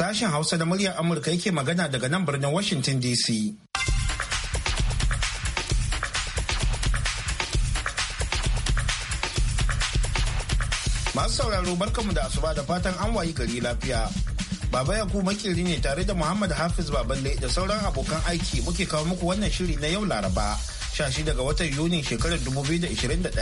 Sashen Hausa da muryar Amurka yake magana daga nan birnin Washington DC. Masu sauraro barkamu da asuba da fatan an wayi gari lafiya. Baba Yaku makiri ne tare da Muhammad Hafiz Baballe da sauran abokan aiki muke kawo muku wannan shiri na yau Laraba, 16 daga watan Yuni shekarar 2021.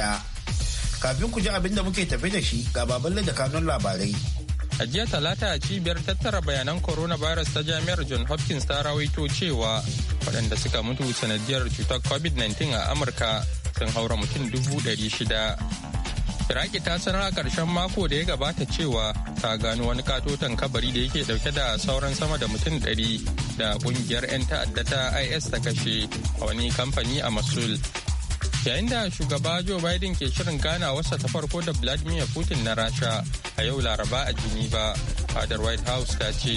Kafin ku ji abin da muke tafi da shi ga Baballe da kanun labarai. A jiya talata a cibiyar tattara bayanan coronavirus ta jami'ar John Hopkins ta rawaito cewa waɗanda suka mutu sanadiyar cutar COVID-19 a Amurka sun haura mutum dubu ɗari shida. Iraki ta sanar a ƙarshen mako da ya gabata cewa ta gano wani katoton kabari da yake ɗauke da sauran sama da mutum ɗari da ƙungiyar 'yan ta'adda ta IS ta kashe a wani kamfani a Masul. yayin da shugaba joe biden ke shirin gana wasa ta farko da vladimir putin na rasha a yau laraba a jini ba fadar white house ta ce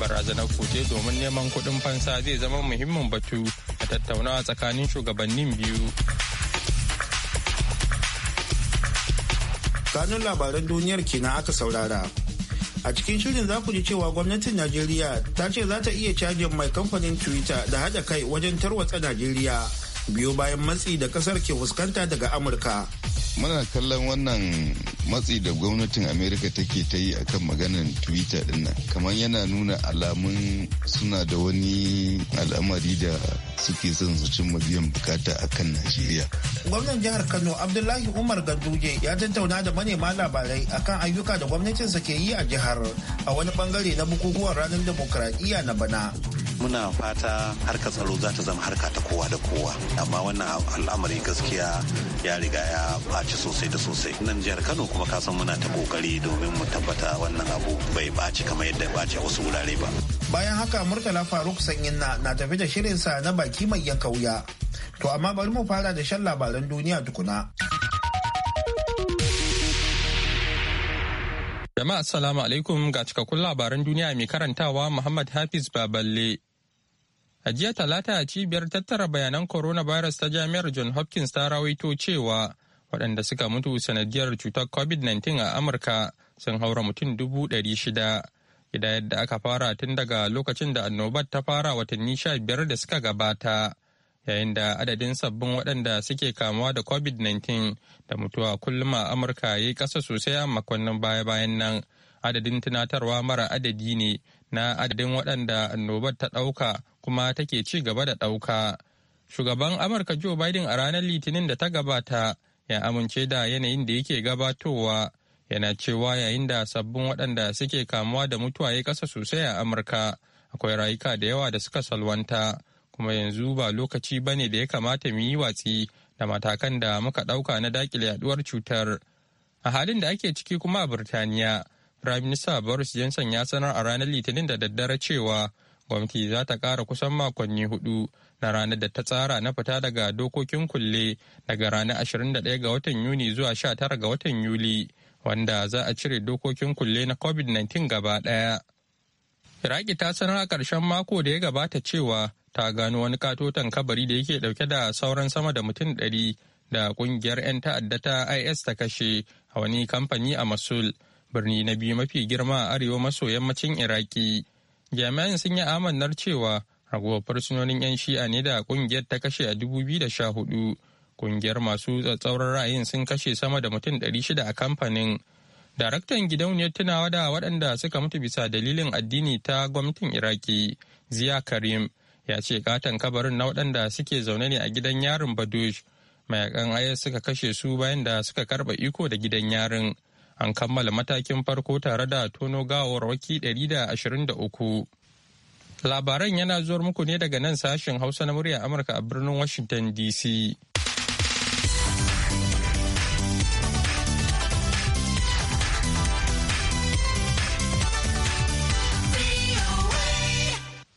barazanar kuje domin neman kudin fansa zai zama muhimmin batu a tattaunawa tsakanin shugabannin biyu kanun labaran duniyar kenan aka saurara a cikin shirin za ku ji cewa gwamnatin najeriya ta ce za ta iya cajin mai kamfanin twitter da haɗa kai wajen tarwatsa najeriya biyo bayan matsi da kasar ke fuskanta daga amurka muna kallon wannan matsi da gwamnatin amerika take ta yi akan maganar twitter din nan kamar yana nuna alamun suna da wani al'amari da suke son su cimma biyan bukata a kan najeriya gwamnan jihar kano abdullahi umar ganduje ya tattauna da manema labarai akan ayyuka da gwamnatinsa ke yi a jihar a wani bangare na bukukuwan ranar demokradiyya na bana muna fata harkar tsaro za ta zama harka ta kowa da kowa amma wannan al'amari gaskiya ya riga ya ɓaci sosai da sosai nan jihar kano kuma ka san muna ta kokari domin mu tabbata wannan abu bai ɓaci kamar yadda ya ɓaci a wasu wurare ba bayan haka murtala faruk sanyin na na tafi da shirinsa na baki mai yanka wuya to amma bari mu fara da shan labaran duniya tukuna jama'a assalamu alaikum ga cikakkun labaran duniya mai karantawa muhammad hafiz baballe A jiya talata a cibiyar tattara bayanan coronavirus ta jami'ar John Hopkins ta rawaito cewa waɗanda suka mutu sanadiyar cutar COVID-19 a Amurka sun haura mutum dubu ɗari shida. Gida yadda aka fara tun daga lokacin da annobar ta fara watanni sha biyar da suka gabata. Yayin da adadin sabbin waɗanda suke kamuwa da COVID-19 da mutuwa kullum a Amurka ya yi ƙasa sosai a makonnin baya-bayan nan. Adadin tunatarwa mara adadi ne na adadin waɗanda annobar ta ɗauka kuma take ci gaba da ɗauka. Shugaban Amurka Joe Biden a ranar Litinin da ta gabata ya amince da yanayin da yake gabatowa yana cewa yayin da sabbin waɗanda suke kamuwa da mutuwa ya ƙasa sosai a Amurka akwai rayuka da yawa da suka salwanta kuma yanzu ba lokaci ba ne da ya kamata mu yi watsi da matakan da muka ɗauka na daƙile yaduwar cutar. A halin da ake ciki kuma a Birtaniya, minister Boris Johnson ya sanar a ranar Litinin da daddare cewa gwamnati za ta ƙara kusan makonni hudu na ranar da ta tsara na fita daga dokokin kulle daga ranar 21 ga watan yuni zuwa 19 ga watan yuli wanda za a cire dokokin kulle na covid-19 gaba ɗaya. iraki ta sanar a ƙarshen mako da ya gabata cewa ta gano wani katoton kabari da yake ɗauke da sauran sama da mutum ɗari da ƙungiyar 'yan ta'adda ta is ta kashe a wani kamfani a mosul birni na biyu mafi girma a arewa maso yammacin iraki jami'an sun yi amannar cewa ragowar fursunonin 'yan shi'a ne da kungiyar ta kashe a 2014 kungiyar masu tsatsauran ra'ayin sun kashe sama da mutum 600 a kamfanin daraktan gidauniyar tunawa da waɗanda suka mutu bisa dalilin addini ta gwamnatin iraki ziya karim ya ce katon kabarin na waɗanda suke zaune ne a gidan yarin badoj mayakan ayar suka kashe su bayan da suka karɓa iko da gidan yarin an kammala matakin farko tare da tono waki 123 labaran yana zuwar muku ne daga nan sashen hausa na murya amurka a birnin washington dc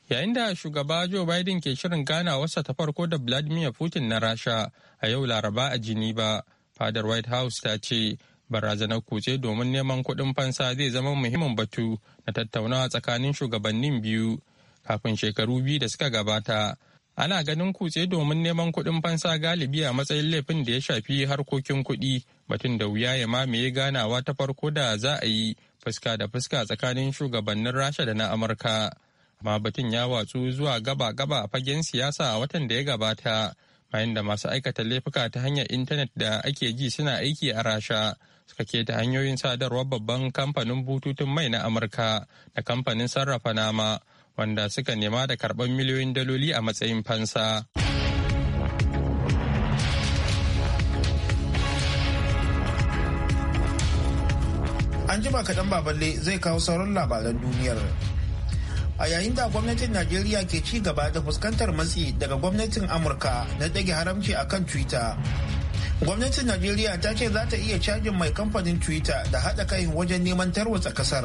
yayin da shugaba joe biden ke shirin wasa ta farko da vladimir putin na rasha a yau laraba a geneva fadar white house ta ce barazanar kuce domin neman kuɗin fansa zai zama muhimmin batu na tattaunawa tsakanin shugabannin biyu kafin shekaru biyu da suka gabata ana ganin kutse domin neman kuɗin fansa galibi a matsayin laifin da ya shafi harkokin kuɗi batun da wuya ya mamaye ganawa ta farko da za a yi fuska da fuska tsakanin shugabannin rasha da na amurka amma batun ya watsu zuwa gaba-gaba a fagen siyasa a watan da ya gabata bayan da masu aikata laifuka ta hanyar intanet da ake ji suna aiki a rasha suka da hanyoyin sadarwar babban kamfanin bututun mai na amurka da kamfanin sarrafa nama wanda suka nema da karɓar miliyoyin daloli a matsayin fansa. an jima kaɗan baballe zai kawo sauran labaran duniyar a yayin da gwamnatin najeriya ke ci gaba da fuskantar matsi daga gwamnatin amurka na ɗage haramci akan twitter gwamnatin najeriya ta ce za ta iya cajin mai kamfanin twitter da haɗa kai wajen neman tarwatsa kasar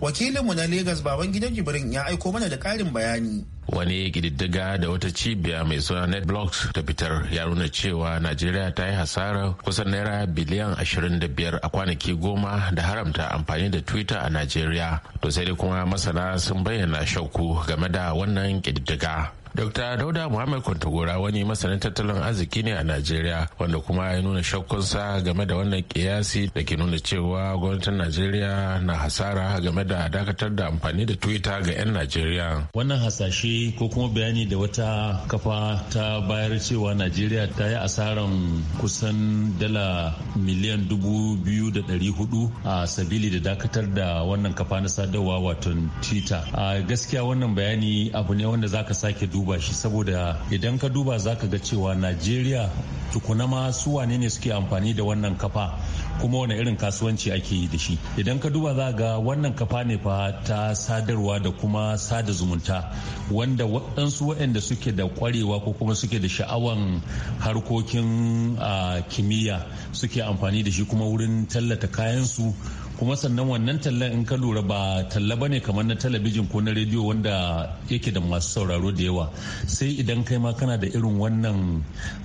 wakilinmu na Legas baban gidan jibrin ya aiko mana da ƙarin bayani wani kididdiga da wata cibiya mai suna netblocks ta fitar ya nuna cewa najeriya ta yi hasara kusan naira biliyan 25 a kwanaki goma da haramta amfani da twitter a najeriya to sai dai kuma masana sun bayyana shauku game da wannan kididdiga Dr. Dauda Muhammad Kwantagora wani masanin tattalin arziki ne a Najeriya wanda kuma ya nuna shakkunsa game da wannan kiyasi da ke nuna cewa gwamnatin Najeriya na hasara game da dakatar da amfani da Twitter ga 'yan Najeriya. Wannan hasashe ko kuma bayani da wata kafa ta bayar cewa Najeriya ta yi asaran kusan dala miliyan dubu biyu da ɗari hudu a sabili da dakatar da wannan kafa na sadarwa wato Twitter. A gaskiya wannan bayani abu ne wanda zaka sake duba duba shi saboda idan ka duba za ka ga cewa najeriya tukuna ma su wane ne suke amfani da wannan kafa kuma wani irin kasuwanci ake yi da shi idan ka duba za ga wannan kafa ne fa ta sadarwa da kuma sada zumunta wanda waɗansu waɗanda suke da kwarewa ko kuma suke da sha'awan harkokin ah, kimiyya suke amfani da shi kuma wurin tallata kayansu kuma sannan wannan tallan in ka lura ba talla ba ne kamar na talabijin ko na rediyo wanda yake da masu sauraro da yawa sai idan kai ma kana da irin wannan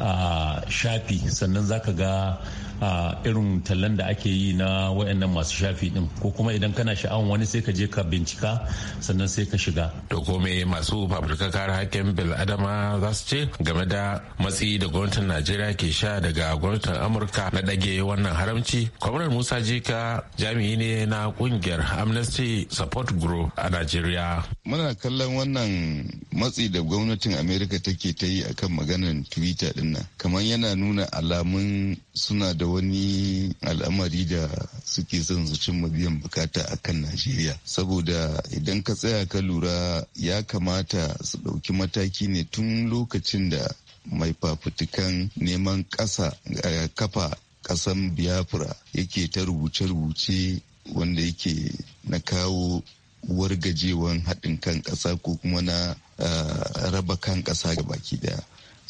ah, shafi sannan zaka ga a irin tallan da ake yi na wayannan masu shafi din ko kuma idan kana sha'awan wani sai ka je ka bincika sannan sai ka shiga to ko masu fafutukar kare hakkin bil adama za su ce game da matsi da gwamnatin najeriya ke sha daga gwamnatin amurka na dage wannan haramci kwamnar musa jika jami'i ne na kungiyar amnesty support group a najeriya muna kallon wannan matsi da gwamnatin amerika take ta yi akan maganar twitter dinnan kamar yana nuna alamun suna da wani al'amari da suke son su cimma biyan bukata a kan Najeriya. Saboda idan ka tsaya ka lura ya kamata su ɗauki mataki ne tun lokacin da mai fafutukan neman ƙasa eh, kafa ƙasan Biafra yake ta rubuce-rubuce wanda yake na kawo wargajewan haɗin kan ƙasa ko kuma na eh, raba kan ƙasa ga baki daya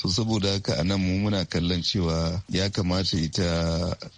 so saboda haka anan mu muna kallon cewa ya kamata ita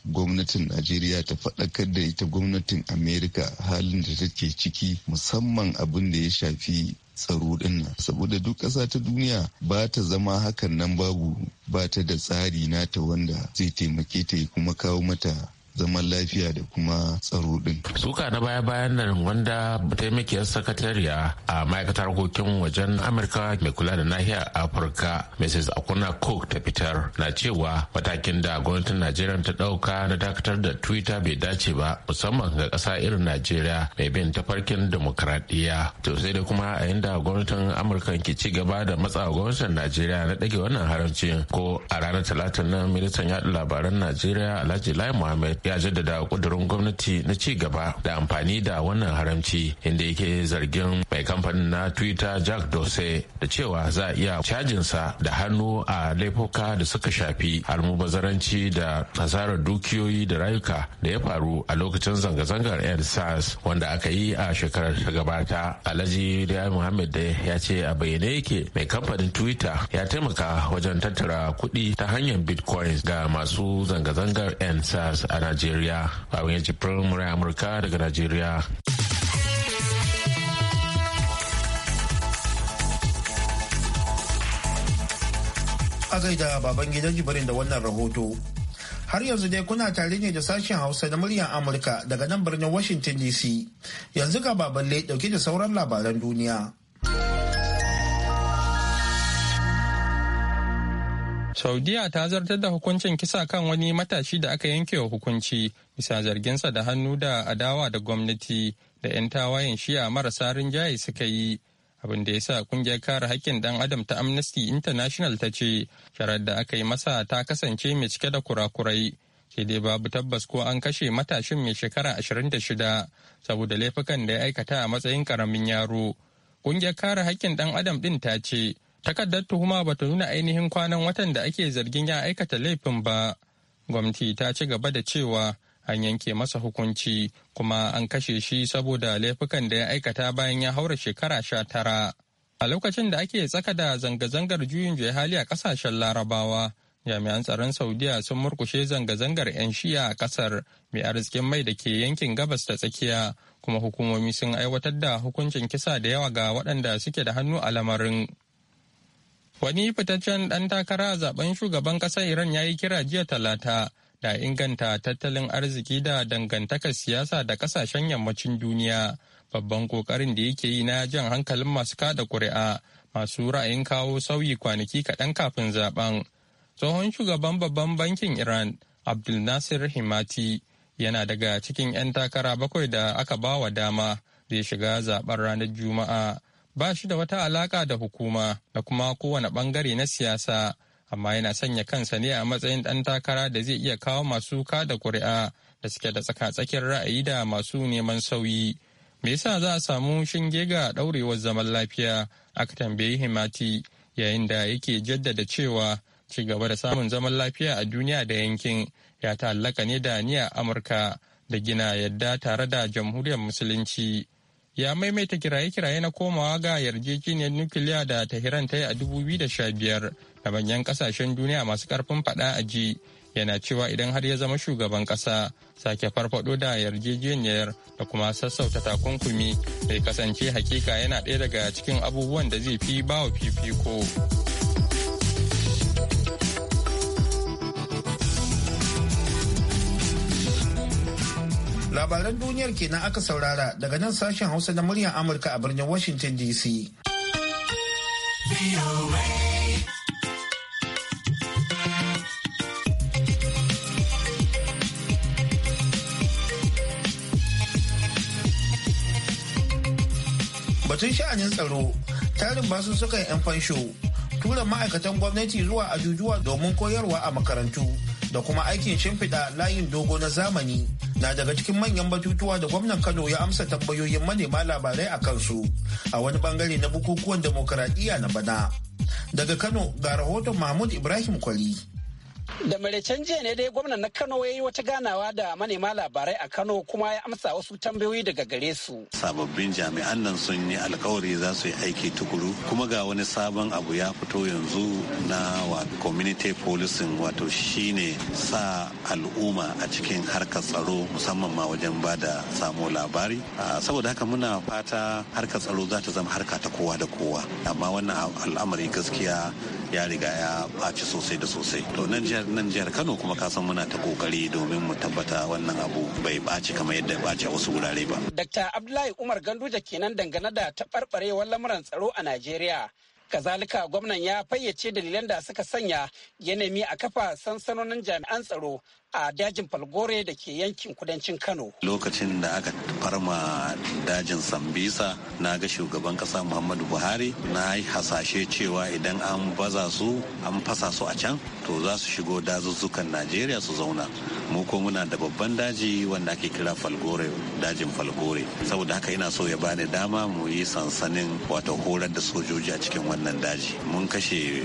gwamnatin najeriya ta faɗakar da ita gwamnatin amerika halin da take ciki musamman abin da ya shafi tsaro dinnan saboda duk ƙasa ta duniya ba ta zama hakan nan babu ba ta da tsari nata wanda zai taimake ta kuma kawo mata zaman lafiya da kuma tsaro din. Suka na baya-bayan nan wanda taimakiyar sakatariya a ma'aikatar harkokin wajen Amurka mai kula da nahiyar Afirka Mrs. Akuna Cook ta fitar na cewa matakin da gwamnatin Najeriya ta ɗauka na dakatar da Twitter bai dace ba musamman ga ƙasa irin Najeriya mai bin tafarkin demokradiyya. To sai da kuma a yanda gwamnatin Amurka ke ci gaba da matsa gwamnatin Najeriya na ɗage wannan haramcin ko a ranar talatin nan ministan yaɗa labaran Najeriya Alhaji Lai Muhammad ya jaddada kudurin gwamnati na ci gaba da amfani da wannan haramci inda yake zargin mai kamfanin na twitter jack dorsey da cewa za a iya cajinsa da hannu a laifuka da suka shafi almubazaranci da hasarar dukiyoyi da rayuka da ya faru a lokacin zanga-zangar air sars wanda aka yi a shekarar ta gabata alhaji da muhammad da ya ce a bayyane yake mai kamfanin twitter ya taimaka wajen tattara kuɗi ta hanyar bitcoins ga masu zanga-zangar air sars a Najeriya. Babin ya ci firin Amurka daga Najeriya. A gaida baban gidan jibirin da wannan rahoto. Har yanzu dai kuna tare ne da sashen Hausa na muryar Amurka daga nan birnin Washington DC. Yanzu ga baban dauke da sauran labaran duniya. Saudiya ta zartar da hukuncin kisa kan wani matashi da aka yanke wa hukunci bisa zarginsa da hannu da adawa da gwamnati da 'yan tawayen shiya marasa rinjaye suka yi. Abin da ya sa kungiyar kare haƙƙin dan adam ta Amnesty International ta ce, sharar da aka yi masa ta kasance mai cike da kurakurai. Sai dai babu tabbas ko an kashe matashin mai shekara 26 saboda laifukan da ya aikata a matsayin karamin yaro. Kungiyar kare haƙƙin dan adam din ta ce, Takardar tuhuma ba ta nuna ainihin kwanan watan da ake zargin ya aikata laifin ba. Gwamnati ta ci gaba da cewa an yanke masa hukunci kuma an kashe shi saboda laifukan da ya aikata bayan ya haura shekara sha tara. A lokacin da ake tsaka da zanga-zangar juyin juya hali a kasashen larabawa, jami'an tsaron Saudiya sun murkushe zanga-zangar 'yan shiya a kasar mai arzikin mai da ke yankin gabas ta tsakiya, kuma hukumomi sun aiwatar da hukuncin kisa da yawa ga waɗanda suke da hannu a lamarin. Wani fitaccen ɗan takara a zaben shugaban ƙasar Iran ya yi kira jiya talata da inganta tattalin arziki da dangantakar siyasa da ƙasashen yammacin duniya. Babban ƙoƙarin da yake yi na jan hankalin masu kada ƙuri'a masu ra'ayin kawo sauyi kwanaki kaɗan kafin zaben. Tsohon shugaban babban bankin Iran Abdul Nasir Himati yana daga cikin 'yan takara bakwai da aka bawa dama zai shiga zaben ranar Juma'a. ba shi da wata alaka da hukuma da kuma kowane bangare na siyasa amma yana sanya kansa ne a matsayin ɗan takara da zai iya kawo masu kada ƙuri'a da suke da tsaka-tsakin ra'ayi da masu neman sauyi me yasa za a samu shinge ga ɗaurewar zaman lafiya aka tambayi himati yayin da yake jaddada cewa ci gaba da samun zaman lafiya a duniya da yankin ya ta'allaka ne da niyyar amurka da gina yadda tare da jamhuriyar musulunci ya maimaita kiraye-kiraye na komawa ga yarjejeniyar nukiliya da tahiran ta yi a 2015 da manyan kasashen duniya masu karfin fada a ji yana cewa idan har ya zama shugaban kasa sake farfado da yarjejeniyar da kuma sassauta takunkumi zai kasance hakika yana ɗaya daga cikin abubuwan da zai fi bawa fifiko. labaran duniyar kenan aka saurara daga nan sashen hausa na muryar amurka a birnin washington dc batun sha'anin tsaro tarin basu suka yan fansho tura ma'aikatan gwamnati zuwa ajujuwa domin koyarwa a makarantu da kuma aikin shimfiɗa layin dogo na zamani na daga cikin manyan batutuwa da gwamnan kano ya amsa tambayoyin manema labarai a kansu a wani bangare na bukukuwan demokaradiyya na bana daga kano ga rahoton mahmud ibrahim kwali Da maraicen jiya ne dai gwamnan na Kano ya yi wata ganawa da manema labarai a Kano kuma ya amsa wasu tambayoyi daga gare su. Sababbin jami'an nan sun yi alkawari za su yi aiki tukuru kuma ga wani sabon abu ya fito yanzu na wa community policing wato shine sa al'umma a cikin harkar tsaro musamman ma wajen ba da samo labari. Saboda haka muna fata harkar tsaro za ta zama harka ta kowa da kowa amma wannan al'amari gaskiya ya riga ya ɓaci sosai da sosai. To nan jihar nan jihar kano kuma kasan muna ta kokari domin mu tabbata wannan abu bai ɓaci kamar yadda ɓaci a wasu wurare ba. Dr. Abdullahi Umar Ganduja kenan dangane da taɓarɓarewar lamuran tsaro a Najeriya. Kazalika gwamnan ya fayyace dalilan da suka sanya ya nemi a kafa sansanonin jami'an tsaro a dajin falgore da ke yankin kudancin kano lokacin da aka farma dajin sambisa na ga shugaban kasa muhammadu buhari na yi hasashe cewa idan an baza su an fasa su a can to za su shigo dazuzzukan najeriya su zauna mu ko muna da babban daji wanda ake kira falgore dajin falgore saboda haka ina so ya bani dama mu yi sansanin wato horar da sojoji a cikin wannan daji mun kashe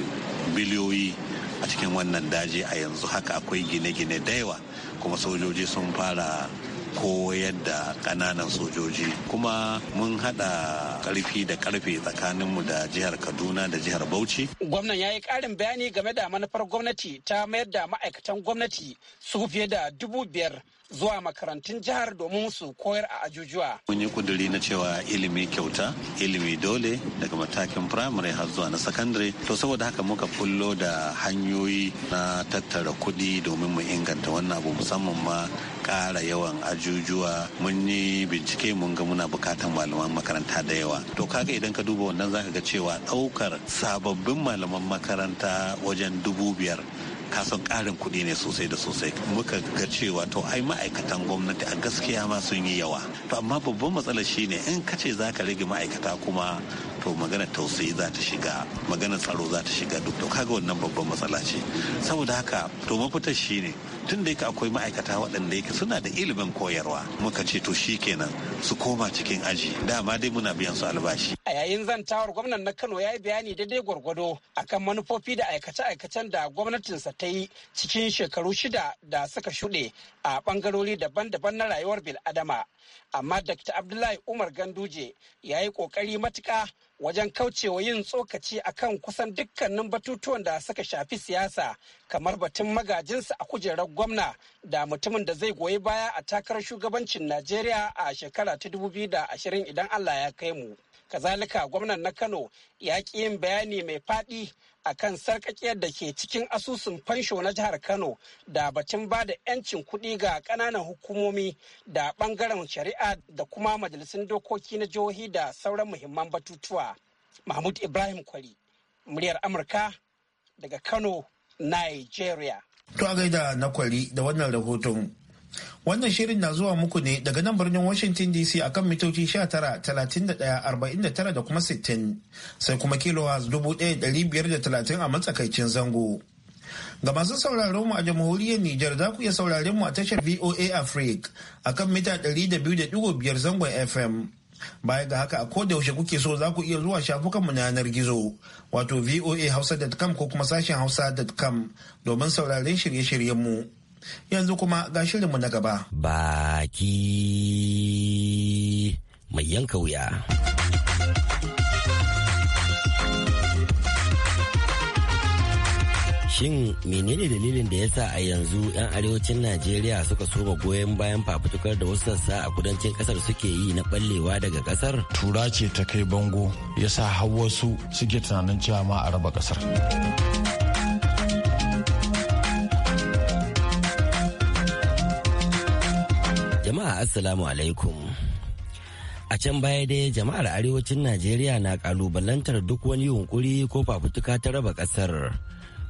biliyoyi a cikin wannan daji a yanzu haka akwai gine-gine da yawa kuma sojoji sun fara koyar da kananan sojoji kuma mun hada karfi da karfe tsakaninmu da jihar kaduna da jihar bauchi gwamnan ya yi karin bayani game da manufar gwamnati ta mayar da ma'aikatan gwamnati su fiye da dubu biyar zuwa makarantun jihar domin su koyar a ajujuwa. Mun yi kuduri na cewa ilimi kyauta, ilimi dole daga matakin firamare har zuwa na sakandare. To saboda haka muka fullo da hanyoyi na tattara kuɗi domin mu inganta wannan abu musamman ma ƙara yawan ajujuwa. Mun yi bincike mun ga muna bukatan malaman makaranta da yawa. To kaga idan ka duba wannan zaka ga cewa ɗaukar sababbin malaman makaranta wajen dubu biyar kasan karin kuɗi ne sosai da sosai muka ga cewa to ai ma'aikatan gwamnati a gaskiya ma sun yi yawa to amma babban matsalar ne in ka ce za ka rage ma'aikata kuma to magana tausayi za ta shiga magana tsaro za ta shiga duk to kaga wannan babban matsala ce saboda haka to mafitar ne. tun da yake akwai ma'aikata waɗanda yake suna da ilimin koyarwa muka ce to shi kenan su koma cikin aji dama dai muna biyan su albashi a yayin zantawar gwamnan na kano ya yi bayani daidai gwargwado akan manufofi da aikace-aikacen da gwamnatinsa ta yi cikin shekaru shida da suka shuɗe a ɓangarori daban-daban na rayuwar bil'adama amma dr abdullahi umar ganduje ya yi ƙoƙari matuƙa wajen kaucewa yin tsokaci akan kusan dukkanin batutuwan da suka shafi siyasa kamar batun magajinsa a kujerar gwamna da mutumin da zai goyi baya a takarar shugabancin Najeriya a shekara ta dubu biyu da ashirin idan Allah ya kai mu. Kazalika gwamnan na Kano ya ƙi yin bayani mai faɗi a kan sarƙaƙiyar da ke cikin asusun fansho na jihar Kano da batun ba da 'yancin kuɗi ga ƙananan hukumomi da ɓangaren shari'a da kuma majalisun dokoki na jihohi da sauran muhimman batutuwa. Mahmud Ibrahim Kwari, muryar Amurka daga Kano, Nigeria. To a gaida na kwari da wannan rahoton. Wannan shirin na zuwa muku ne daga nan birnin Washington DC akan mitoci 19,31,49 da kuma 60 sai kuma da 1,530 a matsakaicin zango. Ga masu sauraron mu a jamhuriyar Nijar za ku iya sauraron mu a tashar VOA Africa akan mita 200.5 zangon FM. Baya ga haka a koda kuke so za ku iya zuwa shafukanmu na yanar gizo wato voahausa.com ko kuma sashen hausa.com domin sauraren shirye-shiryenmu. Yanzu kuma ga shirinmu na gaba. Baki mai yanka wuya. shin menene dalilin da ya sa a yanzu 'yan arewacin najeriya suka soma goyon bayan fafutukar da wasu sassa a kudancin kasar suke yi na ballewa daga kasar tura ce ta kai bango ya har wasu suke tunanin cewa ma a raba kasar jama'a assalamu alaikum a can baya dai jama'ar arewacin najeriya na kalubalantar duk wani yunkuri ko fafutuka ta raba kasar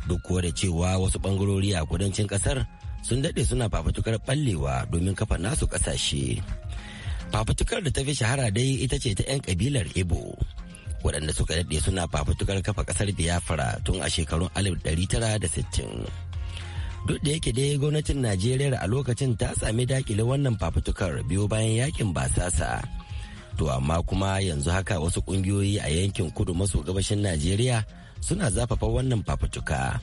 duk kuwa da cewa wasu bangarori a kudancin kasar sun daɗe suna fafutukar ɓallewa domin kafa nasu ƙasashe. fafutukar da ta fi shahara dai ita ce ta 'yan kabilar ibo waɗanda suka daɗe suna fafutukar kafa ƙasar biafra tun a shekarun 1960 duk da yake dai gwamnatin najeriya a lokacin ta sami dakile wannan fafutukar biyo bayan yakin basasa to amma kuma yanzu haka wasu ƙungiyoyi a yankin kudu maso gabashin najeriya suna zafafa wannan fafutuka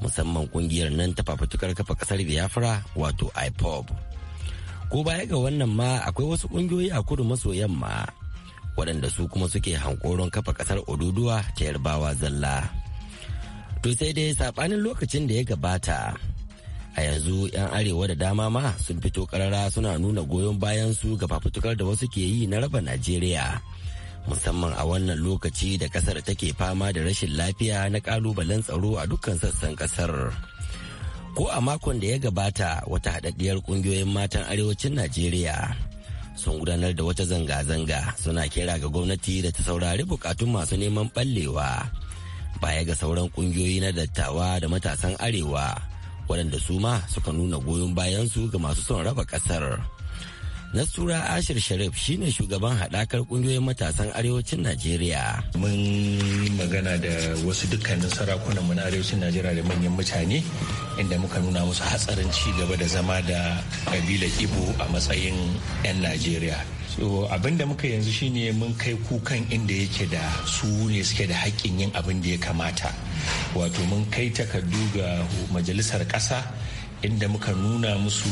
musamman kungiyar nan ta fafutukar kafa kasar biafra wato ipob ko baya ga wannan ma akwai wasu kungiyoyi a kudu maso yamma waɗanda su kuma suke hankoron kafa kasar oduduwa ta yarbawa zalla to sai dai saɓanin lokacin da ya gabata a yanzu 'yan arewa da dama ma sun fito karara suna nuna goyon bayan su ga fafutukar da wasu ke yi na raba najeriya musamman a wannan lokaci da kasar take fama da rashin lafiya na kalubalen tsaro a dukkan sassan kasar ko a makon da ya gabata wata haɗaɗɗiyar ƙungiyoyin matan arewacin najeriya sun gudanar da wata zanga-zanga suna kira ga gwamnati da ta saurari bukatun masu neman ɓallewa baya ga sauran ƙungiyoyi na dattawa da matasan arewa waɗanda su ma suka nuna goyon bayansu ga masu son raba ƙasar. Nasura Ashir Sharif shine shugaban haɗakar ƙungiyoyin matasan arewacin Najeriya. Mun magana da wasu dukkanin sarakunan mu na arewacin Najeriya da manyan mutane inda muka nuna musu hatsarin ci gaba da zama da kabilar Ibo a matsayin 'yan Najeriya. So abin da muka yanzu shine mun kai kukan inda yake da su ne suke da haƙƙin yin abin da ya kamata. Wato mun kai takardu ga majalisar ƙasa inda muka nuna musu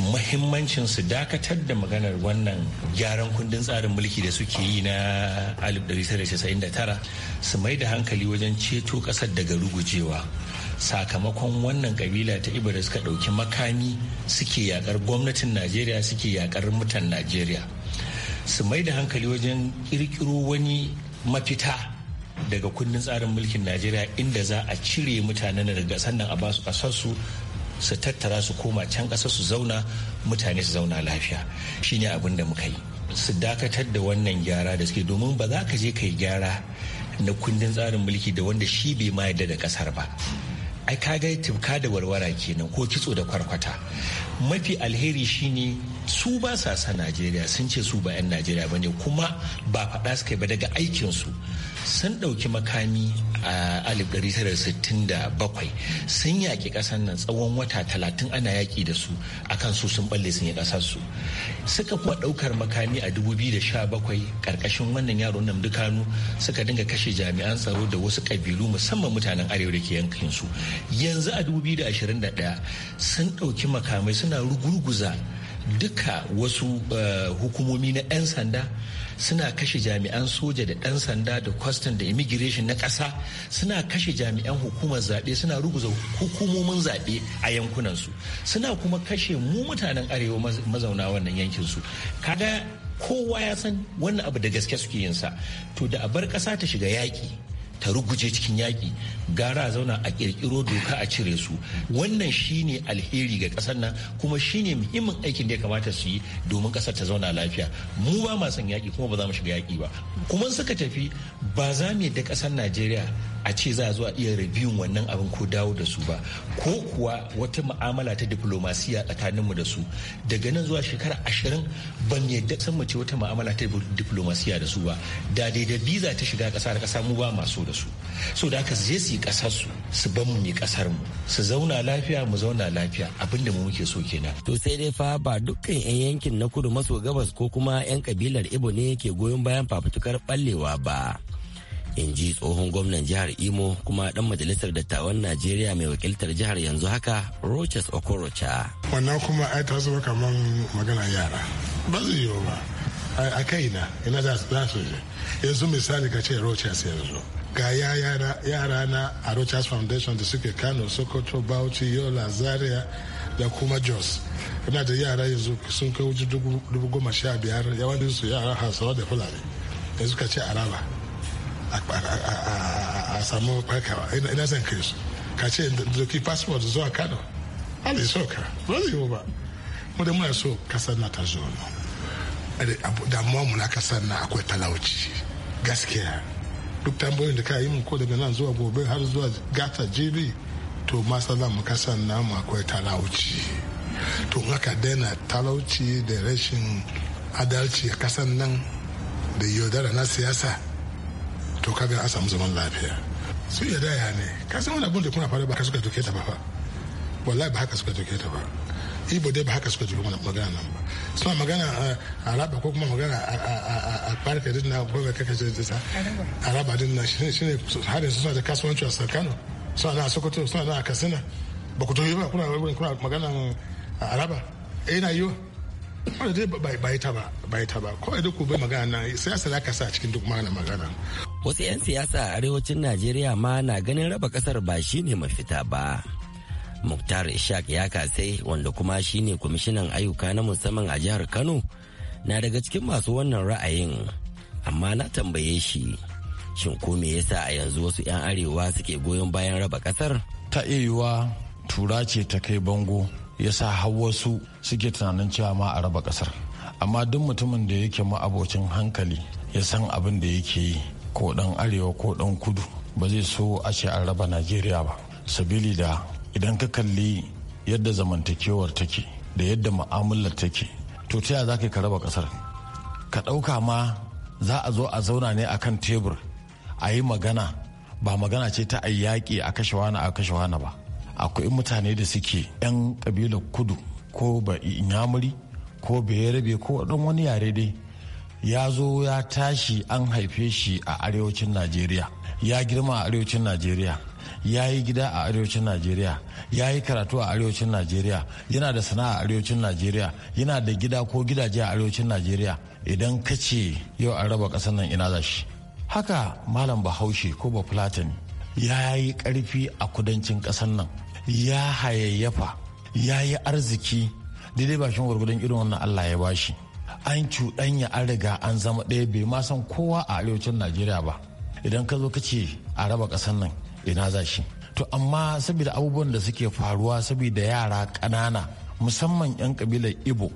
Muhimmancin su dakatar da maganar wannan gyaran kundin tsarin mulki da suke yi na 1999 su mai da hankali wajen ceto kasar daga rugujewa sakamakon wannan kabila ta ibo da suka dauki makami suke yakar gwamnatin najeriya suke yakar mutan najeriya su mai da hankali wajen kirkiro wani mafita daga kundin tsarin mulkin najeriya inda za a cire mutanen daga sannan a basu kasarsu su tattara su koma can ƙasa su zauna mutane su zauna lafiya shine abin da muka yi su dakatar da wannan gyara da suke domin ba za ka je ka yi gyara na kundin tsarin mulki da wanda shi bai ma yadda da ƙasar ba ai ka ga tibka da warwara kenan ko kitso da kwarkwata mafi alheri shine su ba sa sa najeriya sun ce su ba 'yan najeriya bane. kuma ba faɗa suka yi ba daga aikinsu sun ɗauki makami a 1967 sun yaƙi ƙasar nan tsawon wata talatin ana yaƙi da su a kan su sun balle sun yi ƙasar su suka kuma ɗaukar makami a 2017 ƙarƙashin wannan yaron nan dukanu suka dinga kashe jami'an tsaro da wasu ƙabilu musamman mutanen arewa da ke yankin su yanzu a 2021 sun ɗauki makamai suna rugurguza duka wasu eh, hukumomi na 'yan sanda suna kashe jami'an soja da ɗan sanda da kwastan da immigration na ƙasa suna kashe jami'an hukumar zaɓe suna ruguza hukumomin zaɓe a yankunansu suna kuma kashe mu mutanen arewa mazauna wannan yankinsu kaga kowa ya san wannan abu da gaske suke yinsa to da a bar ƙasa ta shiga yaƙi ta ruguje cikin yaƙi gara a zauna a ƙirƙiro doka a cire su wannan shine alheri ga ƙasar nan kuma shine muhimmin aikin da ya kamata su yi domin ƙasar ta zauna lafiya mu ba ma son yaƙi kuma ba za mu shiga yaƙi ba kuma suka tafi ba za mu yadda ƙasar najeriya a ce za a zo a iya rabiyun wannan abin ko dawo da su ba ko kuwa wata mu'amala ta diplomasiya tsakaninmu da su daga nan zuwa shekara ashirin ban yadda san mace wata mu'amala ta diplomasiya da su ba da da biza ta shiga kasa da kasa mu ba masu da su so da haka zai su yi kasar su su ban mu ne kasar mu su zauna lafiya mu zauna lafiya abin da mu muke so kenan to sai dai fa ba dukkan yan yankin na kudu maso gabas ko kuma yan kabilar ibo ne ke goyon bayan fafutukar ballewa ba in ji tsohon gwamnan jihar imo kuma dan majalisar dattawan najeriya mai wakiltar jihar yanzu haka roches okorocha wannan kuma ai ta zuba kamar magana yara ba zai yiwu ba a kaina ina za su je yanzu misali ka ce roches yanzu ga yara na a roches foundation da suke kano sokoto bauchi yola zaria da kuma jos ina da yara yanzu sun kai wuce dubu goma sha biyar yawaninsu yara hasawa da fulani yanzu ka ce araba a samu barkawa ina zan kai su ka ce doki passport zuwa kano ali so ka ba zai yiwu ba mu da muna so kasar na ta zo damuwa mu na kasar na akwai talauci gaskiya duk tambayoyin da ka yi mun ko daga nan zuwa gobe har zuwa gata jibi to masala mu kasar namu akwai talauci to haka daina talauci da rashin adalci a kasar nan da yaudara na siyasa to kaga an samu zaman lafiya su iya daya ne ka san wani abun da kuna faru ba ka suka doke ta ba fa wallahi ba haka suka doke ta ba ibo dai ba haka suka doke magana nan ba suna magana a raba ko kuma magana a barka din na ko ga kaka da ta araba din na shine shine har yanzu suna da kasuwanci a sarkano suna da sokoto suna da katsina ba ku tohi ba kuna kuna a araba eh na yiwa wanda dai ba ta ba ba ta ba kawai duk ku bai magana nan sai asala ka sa cikin duk magana magana wasu 'yan siyasa a arewacin najeriya ma na ganin raba kasar ba shine mafita ba muktar ishaq ya kasai wanda kuma shine kwamishinan ayyuka na musamman a jihar kano na daga cikin masu wannan ra'ayin amma na tambaye shi shin ko me yasa a yanzu wasu 'yan arewa suke goyon bayan raba kasar ta iya tura ce ta kai bango yasa har wasu suke tunanin cewa ma a raba kasar amma duk mutumin da yake ma abocin hankali ya san abin da yake yi ko dan arewa ko dan kudu ba zai so a ce an raba najeriya ba sabili da idan ka kalli yadda zamantakewar take da yadda mu'amalar take to ta yaya za ka raba kasar ka ɗauka ma za a zo a zauna ne akan tebur a yi magana ba magana ce ta a yaƙi a kashe wani a kashe wani ba akwai mutane da suke 'yan kabilar kudu ko ba inyamuri ko bayarabe ko ɗan wani yare dai ya zo ya tashi an haife shi a arewacin najeriya ya girma a arewacin najeriya ya yi gida a arewacin najeriya ya yi karatu a arewacin najeriya yana da sana'a a arewacin najeriya yana da gida ko gidaje a arewacin najeriya idan ka ce yau an raba ƙasar nan ina za shi haka malam bahaushe ko bafulatani ya yi ƙarfi a kudancin ƙasar nan ya hayayyafa ya yi arziki daidai bashin gwargwadon irin wannan allah ya bashi an cuɗanya an riga an zama ɗaya bai ma san kowa a arewacin najeriya ba idan ka zo ka ce a raba ƙasar nan ina za shi to amma saboda abubuwan da suke faruwa saboda yara ƙanana musamman 'yan kabilar ibo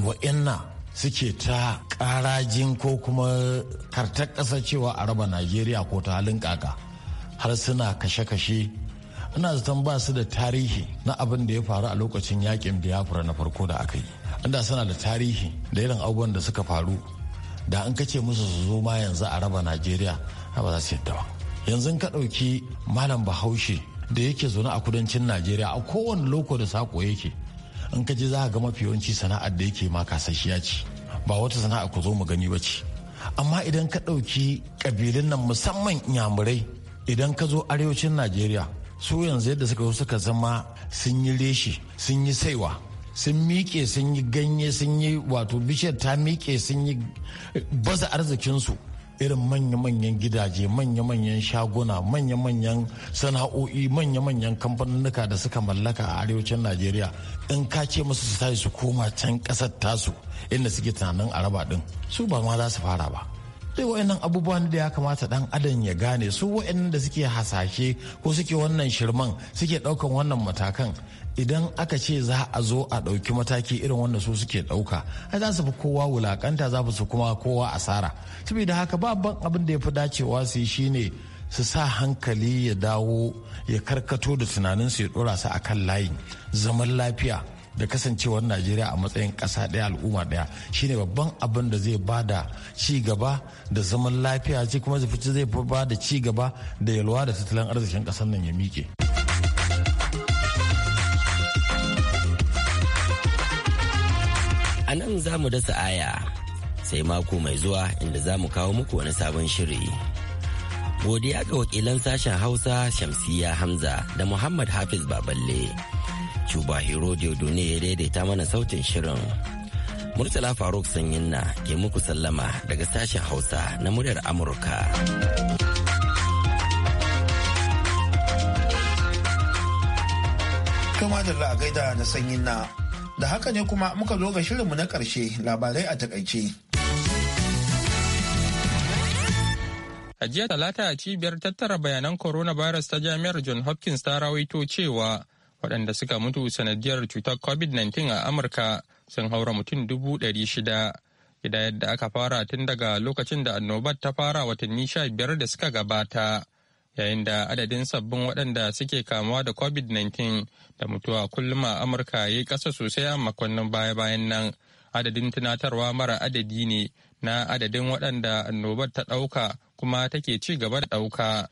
wa'inna suke ta ƙarajin ko kuma kartar ƙasa cewa a raba najeriya ko ta halin kaka har suna kashe-kashe ina zaton ba su da tarihi na abin da ya faru a lokacin yakin biafra na farko da aka yi inda suna da tarihi da irin abubuwan da suka faru da an kace musu su zo ma yanzu a raba najeriya ba za su yadda ba yanzu ka ɗauki malam bahaushe da yake zaune a kudancin najeriya a kowane loko da sako yake in ka je za ga mafi yawanci sana'ar da yake ma kasashiya ce ba wata sana'a ku zo mu gani ba ce amma idan ka ɗauki ƙabilun nan musamman inyamurai idan ka zo arewacin najeriya su yanzu yadda suka zo suka zama sun yi reshe sun yi saiwa sun miƙe sun yi ganye sun yi wato bishiyar ta miƙe sun yi baza arzikinsu irin manya-manyan gidaje manya-manyan shaguna manya-manyan sana'o'i manya-manyan kamfanunuka da suka mallaka a arewacin najeriya in ka ce musu su tashi su koma can ƙasar tasu inda suke tunanin araba din su ba ma za su fara ba sai wa'annan abubuwan da ya kamata dan adam ya gane su wa'annan da suke hasashe ko suke wannan shirman suke ɗaukan wannan matakan idan aka ce za a zo a ɗauki mataki irin wanda su suke ɗauka ai za su fi kowa wulakanta za su kuma kowa asara saboda haka babban abin da ya fi dacewa su yi shine su sa hankali ya dawo ya karkato da tunaninsu ya ɗora su a kan layin zaman lafiya da kasancewar najeriya a matsayin kasa daya al'umma ɗaya shine babban abin da zai ba da ci gaba da zaman lafiya ce kuma zai fi ba da ci gaba da yalwa da tattalin arzikin ƙasar nan ya miƙe. nan za mu dasa aya sai mako mai zuwa inda za mu kawo muku wani sabon shiri. Godiya ga wakilan sashen Hausa Shamsiyya Hamza da Muhammad Hafiz Baballe. Cuba Hero ne ya daidaita mana sautin shirin. Murtala Faruk sanyin na ke muku sallama daga sashen Hausa na muryar Amurka. Kama da la'agaida na Sanyinna Da haka ne kuma muka zo ga shirinmu na ƙarshe labarai a takaice. A jiya talata a cibiyar tattara bayanan coronavirus ta jami'ar John Hopkins ta rawaito cewa waɗanda suka mutu sanadiyar cutar COVID-19 a Amurka sun haura mutum dubu ɗari shida. Gida yadda aka fara tun daga lokacin da annobar ta fara watanni sha biyar da suka gabata. yayin da adadin sabbin waɗanda suke kamuwa da covid-19 da mutuwa kullum a amurka ya yi ƙasa sosai a makonnin baya-bayan nan adadin tunatarwa mara adadi ne na adadin waɗanda annobar ta ɗauka kuma take ci gaba da ɗauka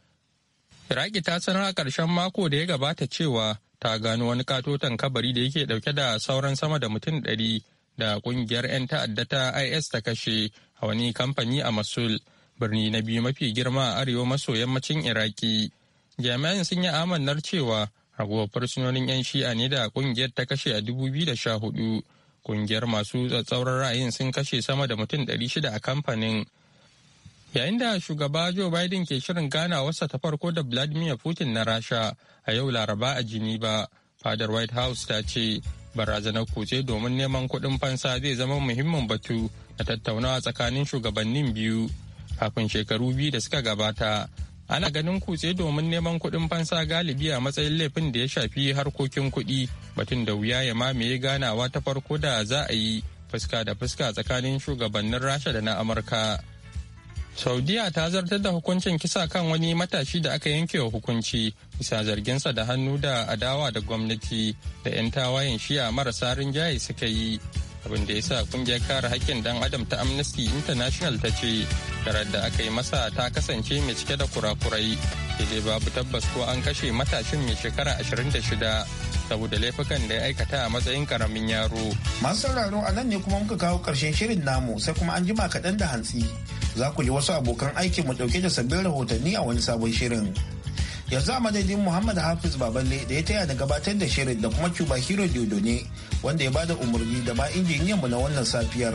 iraki ta sanar a ƙarshen mako da ya gabata cewa ta gano wani katoton kabari da yake ɗauke da sauran sama da mutum ɗari da ƙungiyar 'yan ta'adda ta is ta kashe a wani kamfani a masul birni na biyu mafi girma a arewa maso yammacin iraki jami'an sun yi amannar cewa ragowar fursunonin 'yan shi'a ne da kungiyar ta kashe a 2014 kungiyar masu tsatsauran ra'ayin sun kashe sama da mutum 600 a kamfanin yayin da shugaba joe biden ke shirin gana wasa ta farko da vladimir putin na rasha a yau laraba a geneva fadar white house ta ce barazanar kutse domin neman kuɗin fansa zai zama muhimmin batu na tattaunawa tsakanin shugabannin biyu kafin shekaru biyu da suka gabata ana ganin kutse domin neman kuɗin fansa galibi a matsayin laifin da ya shafi harkokin kuɗi batun da wuya ya mamaye ganawa ta farko da za a yi fuska da fuska tsakanin shugabannin rasha da na amurka saudiya ta zartar da hukuncin kisa kan wani matashi da aka yanke wa hukunci bisa zarginsa da hannu da adawa da gwamnati da 'yan tawayen shiya marasa rinjaye suka yi abin da ya sa kungiyar kare hakkin dan adam ta amnesty international ta ce karar da aka yi masa ta kasance mai cike da kurakurai dai babu tabbas ko an kashe matashin mai shekara 26 saboda laifukan da ya aikata a matsayin karamin yaro masu sauraro a nan ne kuma muka kawo karshen shirin namu sai kuma an jima kaɗan da hantsi za ku ji wasu abokan mu ɗauke da sabbin rahotanni a wani sabon shirin yanzu a madadin muhammad hafiz baballe da ya taya da gabatar da shirin da kuma cuba hero ne wanda ya bada umarni da ma injiniyan mu na wannan safiyar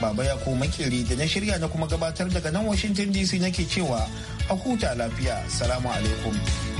baba ya koma makiri da na shirya na kuma gabatar daga nan washington dc nake cewa a huta lafiya salamu alaikum